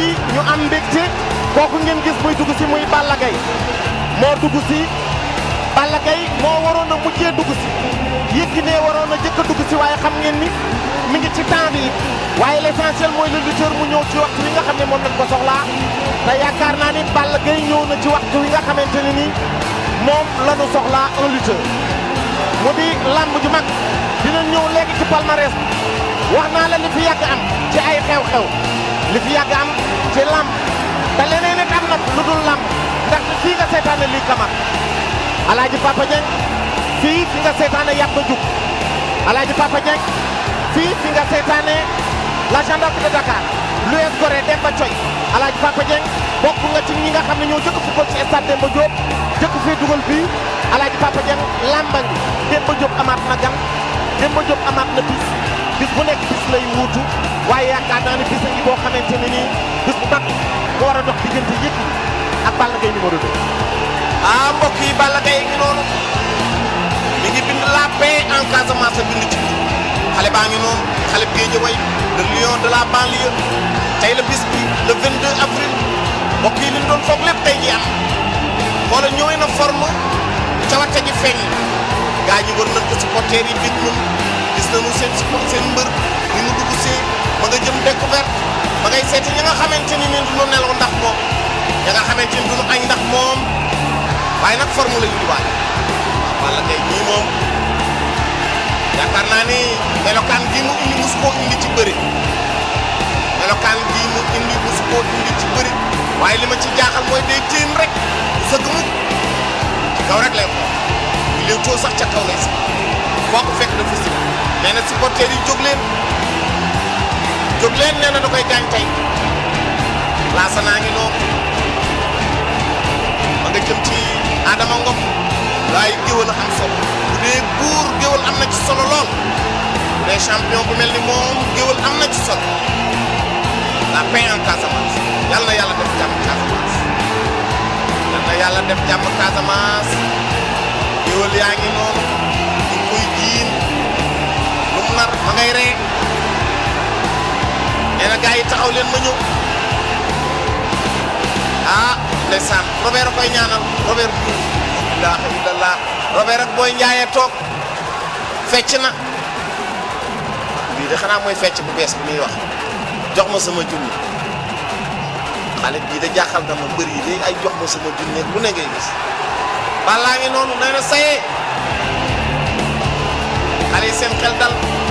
yi ñu am mbégte kooku ngeen gis muy dugg si muy Balla Gaye moo dugg si Balla Gaye moo waroon a mujjee dugg si Yékini waroon a jëkk a dugg si waaye xam ngeen ni mi ngi ci temps bi waaye l'essentiel mooy le lutteur mu ñëw ci waxtu wi nga xam ne moom lañ ko soxlaa te yaakaar naa ni Balla Gaye ñëw na ci waxtu wi nga xamante ne ni moom la ñu soxlaa un lutteur mu di lamb ju mag dina ñëw léegi ci palmarès wax naa la li fi yàgg am ci ay xew-xew li fi yàgg am ci lamb te leneen it am na lu dul lamb ndax fii nga seetaane lii kamat alaaji Papa Dieng fii fi nga seetaane yàpp jug alaaji Papa Dieng fii fi nga seetaane la gendarmerie de Dakar Louis Goré Demba Coy alaaji Papa Dieng bokk nga ci ñi nga xam ne ñoo jëkk football ci stade Demba Diop jëkk fee dugal bii alaaji Papa Dieng lamba ngi Demba Diop amaat na gan Demba Diop amaat na bis bis bu nekk bis lay wuutu waaye yaakaar naa ne bis a boo xamante ne nii mag bu war a dox diggante Yékini ak Balla Gaye numéro 2. ah mbokk yi Balla Gaye ngi noonu mi ngi bind la en Casamance bind ci xale baa ngi noonu xale Guédiawaye le lion de la banlieue tey la bis bi le 22 avril mbokk yi li ñu doon foog lépp tey jii am wala ñëwee na forme cawarte ji feeñ gaa ñi war nañ ko supporter yi bég ñun gis nañu seen support seen mbër. xamee du ñu nelaw ndax moom ña nga xamante ni du ñu añ ndax moom waaye nag formule yi di waaj Balla moom yaakaar naa ni melokaan gi mu indi mus koo indi ci bëri melokaan gi mu indi mus koo indi ci bëri waaye li ma ci jaaxal mooy day jéem rek sëgg mu ci kaw rek lay xool léegi too sax ca kaw lay sax foo ko fekk dafa si nee na jóg waaye géwal a am solo bu dee góor géwal am na ci solo lool les champion bu mel ni moom géwal am na ci solo la paix en Casamance yal na yàlla def jàmm Casamance yal yàlla def jàmm Casamance géwal yaa ngi noonu ñu koy jiin lu mu nar ma ngay ree nee na gars yi taxaw leen ma ñëw ah ndeysaan Robert koy ñaanal Robert Diouf ilaha illallah Robert ak Boy Ndiaye toog fecc na lii de xanaa mooy fecc bu bees bi muy wax jox ma sama junni xale bii de jaaxal na ma mbër yi léegi ay jox ma sama junni bu ne ngay gis balaa ngi noonu nee na sayee xale yi seen xel dal